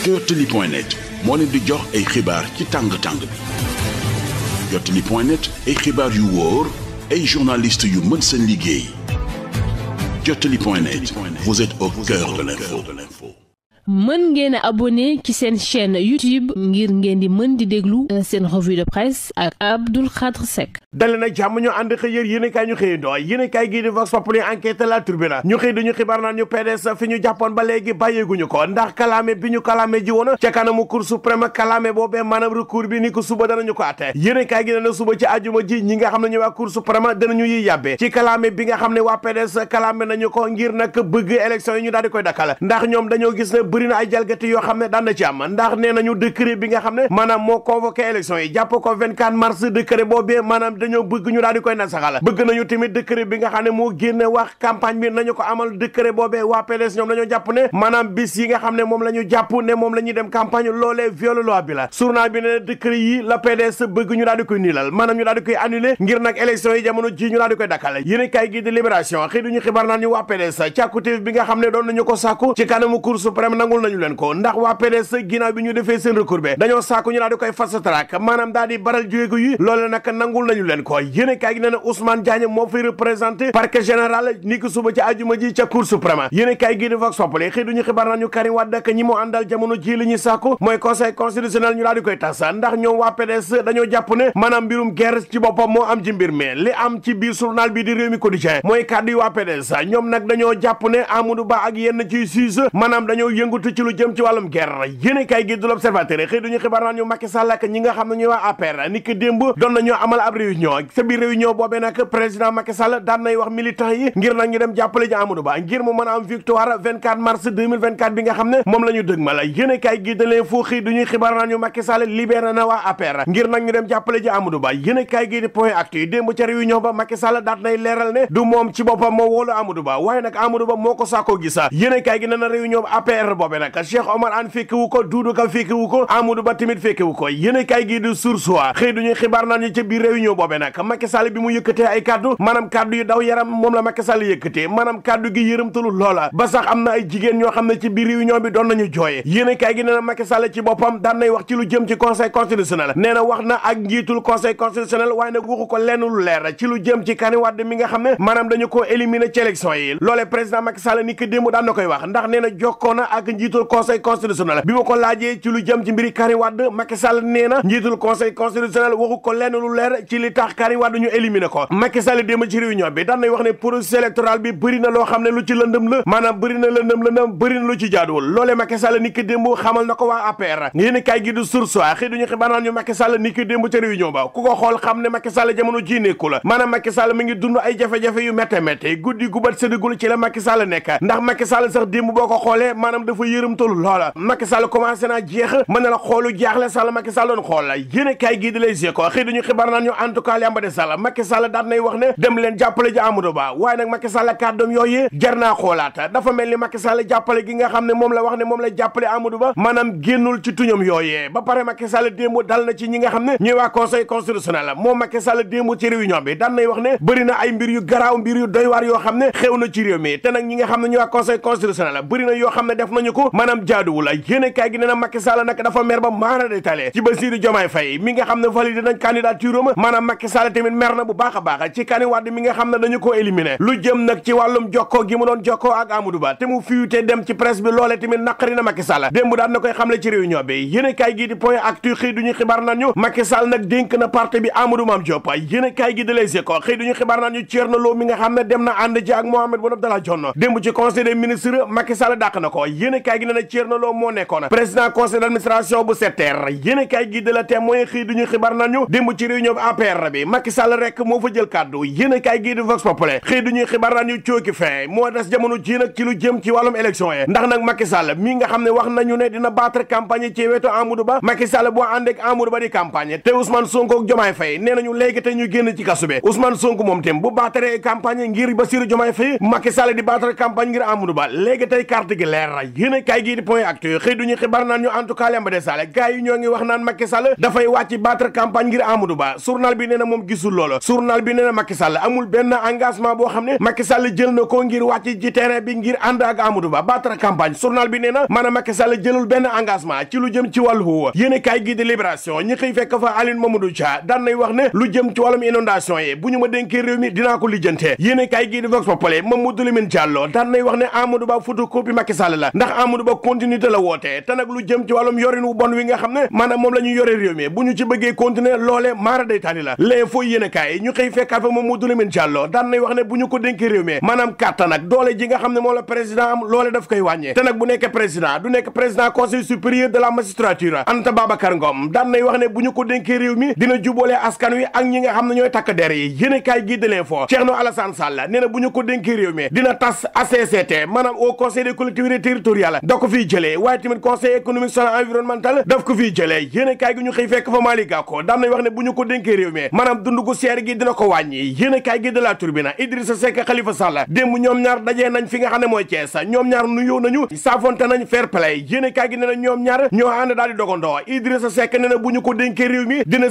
Jotali point net di jox ay xibaar ci tàng-tàng bi Jotali point net ay xibaar yu wóor ay journalistes yu mën seen liggéey Jotali point net vous êtes au cœur de l'info mën ngeen a abonné ci seen chaîne YouTube ngir ngeen di mën di déglu euh, seen revue de presse ak Abdou Khadre Seck dale nag jàmm ñu ànd xëy yér yéen kaay ñu xëyandoo yéen kaay gii di Vox Populi enquête la Tribune ñu xëy dañu xibaar naan ñu PDS fi ñu jàppoon ba léegi bàyyeeguñu ko ndax kalaame bi ñu kalaame ji woon ca kanamu Cour suprême kalaame boobee maanaam recours bi ni ko suba danañu ko àtte yéen gi ne suba ci àjjuma ji ñi nga xam ne ñu waa Cour suprême danañu yiy yàbbee ci kalaame bi nga xam ne waa PDS kalaame ngir nag bëgg élection yi ñu daal di koy dakkal bëri na ay jalgati yoo xam ne daan na ci am ndax nee nañu décret bi nga xam ne moo convoqué élection yi jàpp ko 24 mars décret boobee maanaam dañoo bëgg ñu daal di koy nasaxal bëgg nañu jàpp ne maanaam bis yi nga xam ne moom la ñu jàpp ne moom la ñuy dem campagne loolee viole loi bi la journal bi ne décret yi la PDS bëgg ñu daal di koy niilal maanaam ñu daal di koy annulé ngir nag élection yi jamono ji ñu daal di koy dakkal yéen kay gi di libération nangul nañu suba ci àjjuma ji ca cour suprême yéene kaay gi dafa soppale xëy duñu xibaar nañu Karim Wade ak ñi mu àndal jamono ji li ñuy sàkku mooy conseil constitutionnel ñu daal koy tas ndax ñoom waa PDS dañoo jàpp ne maanaam mbirum guerre ci boppam moo am ci mbir mi li am ci biir journal bi di réew mi quotidien mooy kàddu yi waa ñoom nag dañoo jàpp ne Amadou Ba ak yenn ci siis maanaam dañoo yëngu yëngutu ci lu jëm ci wàllum guerre yéene kaay gi du l'observateur xëy duñu xibaar naan ñu Macky Sall ak ñi nga xam ne ñuy waa APR ni ki démb doon nañoo amal ab réunion sa réunion boobee nag président Macky Sall daan nay wax militant yi ngir nag ñu dem jàppale ji Amadou Ba ngir mu mën a am victoire 24 mars 2024 bi nga xam ne moom la ñu dëgmal yéene kaay gi da foo xëy duñu xibaar naan ñu Macky Sall libéré na waa APR ngir nag ñu boobee Omar Anne fekkiwu ko Doudou Ka ko Amadou Ba tamit fekkiwu ko yéen gi di source wa xëy duñuy xibaar naan ñu ca biir réunion boobee nag Macky Sall bi mu yëkkatee ay kaddu maanaam kaddu yu daw yaram moom la Macky Sall yëkkatee maanaam kaddu gi yërëmtalul loola ba sax am na ay jigéen ñoo xam ne ci biir réunion bi doon nañu jooye yéen gi nee na Macky ci boppam daan wax ci lu jëm ci conseil constitutionnel nee na wax na ak njiitul ko njiitul conseil constitutionnel bi ma ko laajee ci lu jëm ci mbiri Karim Wade Macky nee na njiitul conseil constitutionnel waxu ko lenn lu leer ci li tax Karim Wade ñu éliminer ko Macky démb ci réunion bi daan wax ne processus électoral bi bëri na loo xam ne lu ci lëndëm la maanaam bëri na lëndëm lëndëm bëri na lu ci jaaduwul loolee Macky Sall démb xamal na ko waa APR yéen i kaay gi du source xëy duñu xibaar ñu Macky Sall démb ci dafa yërëmtalu loola Macky Sall commencé naa jeex mën na la xoolu jaaxle Sall Macky Sall doon xool yéene kaay gii di wax ne dem leen jàppale ji Amadou Ba waaye nag Macky Sall kàddoom yooyu jar naa xoolaata dafa mel ni Macky Sall jàppale gi nga xam ne moom la wax ne moom la jàppale Amadou Ba maanaam génnul ci tuñam yooyee ba pare Macky Sall démb dal na ci ñi nga xam ne ñuy waa conseil constitutionnel moom Macky Sall démb ci réunion bi daan wax ne bëri na ay mbir yu garaaw mbir yu doy ko maanaam jaaduwul ay yéenekaay gi nee na Macky nag dafa mer ba maara de tale ci Bassirou Diomaye Faye mi nga xam ne validé nañ a baax ko éliminé lu jëm nag ci wàllum jokkoo gi mu doon jokkoo ak Amadou Ba te mu fiute dem ci presse bi loolee tamit naqari na Macky démb daan na koy xamle ci réunion bi yéenekaay gi di point actu xëy duñu xibaar nañu Macky nag dénk na parti bi Amadou Mame Diop yéenekaay gi di Les Échos xëy duñu xibaar nañu kaay gi ne na Thierno Lo moo nekkoon président conseil d'administration bu SETER yéen kaay gi de la témoin xëy duñu xibaar nañu démb ci réunion bi APR bi Macky moo fa jël kàddu yéen gi di Vox Populi xëy duñuy xibaar nañu cooki fin moo des jamono ji nag ci lu jëm ci wàllum élection yi ndax nag Macky Sall nga xam ne wax nañu ne dina battre campagne ci wetu Amadou Ba Macky boo ànd ak Ba di campagne te Ousmane Sonko moom tam bu yéen a kaay gii di point actu xëy duñu xibaar naan ñu en wax naan Macky Sall dafay wàcc battre campagne ngir Amadou Ba journal bi nee na moom gisul loola bi nee na Macky Sall amul benn engagement boo xam ne Macky Sall jël na ko ngir wàcc ci terrain bi ngir ànd ak Amadou Ba battre campagne journal bi nee na maanaam Macky Sall jëlul benn engagement ci lu jëm ci wàllu yéen a kaay gii di libération ñi xëy fekk fa Aline Mamadou Dia daan nay wax ne lu jëm ci wàllum inondation yi bu ñu ma dénkee réew mi dinaa ko lijjantee yéen a kaay gii di Vox Populi Mamadou Lamine Diallo daan wax ne Amadou Ba photocopie Macky Sall la ndax Cheikh am loole daf wax ne bu ñu ko dénkee réew mi dina juboolee askan wi ak ñi nga xam ne ñooy takk der yi yéen kaay gi de l'info Thierno Alassane Sall nee na bu ñu ko dénkee réew mi dina tas ACCT maanaam au conseil des collectivités territoriales yàlla da ko fiy jëlee waaye tamit conseil économique social environnemental daf ko fiy jëlee yéene kaay gi ñu xëy fekk fa Malick Gakou daan wax ne bu ñu ko dénkee réew mi maanaam dund gu seer gi dina ko wàññi yéene kaay gi de la turbina Idrissa Seck Khalifa Sall démb ñoom ñaar dajee nañ fi nga xam ne mooy Thiès ñoom ñaar nuyoo nañu saafonte nañ fair play yéene kaay gi ne na ñoom ñaar ñoo ànd daal di dogandoo Idrissa Seck ne na bu ñu ko dénkee réew mi dina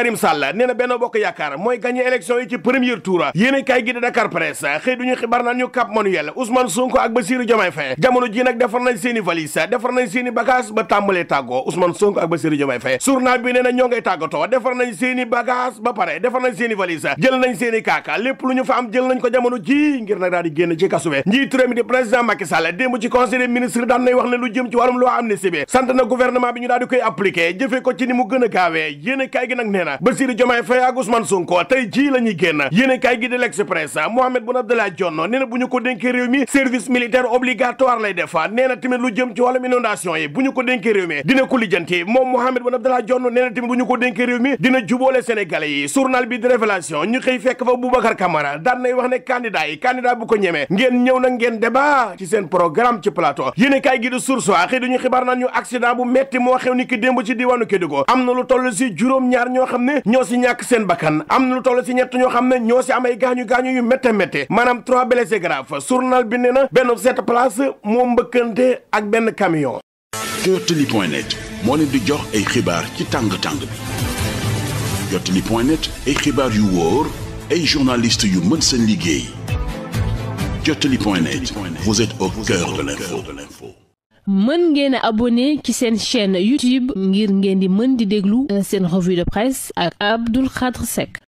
Karim benn bokk yaakaar mooy gagné élection yi ci premier tour yéene kaay gi di Dakar Presse xëy duñu xibaar naan ñu Cap Manuel Ousmane Sonko ak Bassirou Diomaye Faye jamono ji nag defar nañ seeni valise defar nañ seeni bagage ba pare defar nañ seeni valise jël nañ seeni kaaka lépp lu ñu fa am jël nañ ko jamono ji ngir nag daal di génn ci kasu bi njiitu di président Macky Sall démb ci conseil des daan nay wax ne lu jëm ci wàllum loi amnistie na Bassirou Diomaye Faye ak Ousmane Sonko tey jii la génn yéen kaay gi di l'Express Mohamed Boun Abdallah Dionne nee na bu ñu ko dénkee réew mi service militaire obligatoire lay def nee na lu jëm ci wàllum inondation yi bu ñu ko dénkee réew mi dina ko lijjanti yi journal bi di révélation ñu xëy fekk fa Boubacar Camara daan wax ne candidat yi candidat bu ko ñemee ngeen ñëw na ngeen débat ci seen programme ci plateau yéen kaay gi di source xëy xam ñoo si ñàkk seen bakkan am lu toll si ñett ñoo xam ñoo si am ay gaañu-gaañu yu métte métte maanaam trois blessés graves journal bi ne na benn sept place moo mbëkkante ak benn camion jotali point net moo leen di jox ay xibaar ci tàng-tàng bi jotali point net ay xibaar yu wóor ay journalistes yu mën seen liggéey jotali point mën ngeen a abonné ci seen chaîne YouTube ngir ngeen di mën di déglu euh, seen revue de presse ak Abdou Khadre Seck